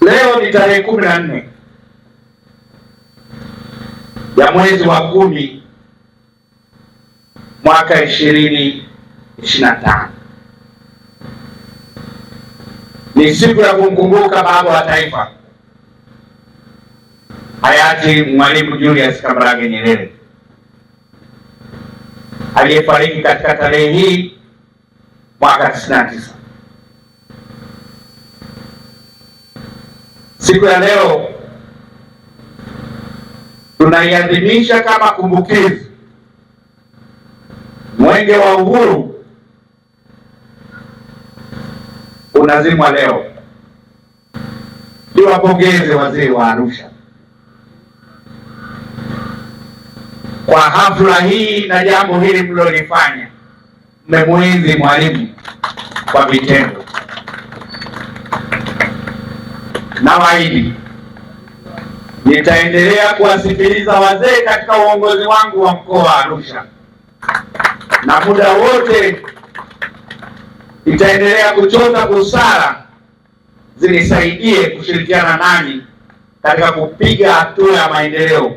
Leo ni tarehe kumi na nne ya mwezi wa kumi mwaka ishirini ishirini na tano ni siku ya kumkumbuka baba wa taifa hayati Mwalimu Julius Kambarage Nyerere aliyefariki katika tarehe hii mwaka 99. Siku ya leo tunaiadhimisha kama kumbukizi mwenge wa uhuru unazimwa leo. Niwapongeze wazee wa Arusha kwa hafla hii na jambo hili mlilolifanya. Mmemwenzi Mwalimu kwa vitendo. na waidi, nitaendelea kuwasikiliza wazee katika uongozi wangu wa mkoa wa Arusha, na muda wote nitaendelea kuchota busara zinisaidie kushirikiana nani katika kupiga hatua ya maendeleo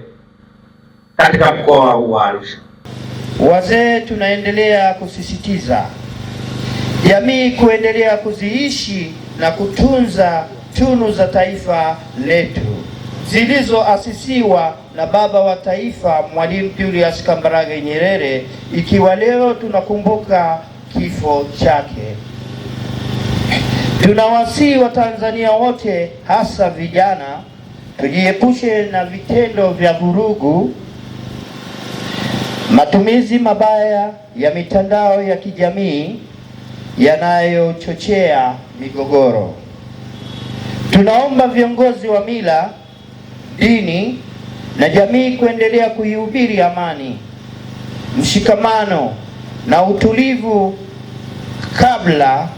katika mkoa huu wa Arusha. Wazee tunaendelea kusisitiza jamii kuendelea kuziishi na kutunza tunu za taifa letu zilizoasisiwa na baba wa taifa Mwalimu Julius Kambarage Nyerere, ikiwa leo tunakumbuka kifo chake. Tunawasihi Watanzania wote, hasa vijana, tujiepushe na vitendo vya vurugu, matumizi mabaya ya mitandao ya kijamii yanayochochea migogoro. Tunaomba viongozi wa mila, dini na jamii kuendelea kuihubiri amani, mshikamano na utulivu kabla,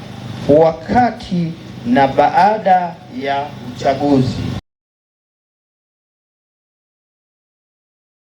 wakati na baada ya uchaguzi.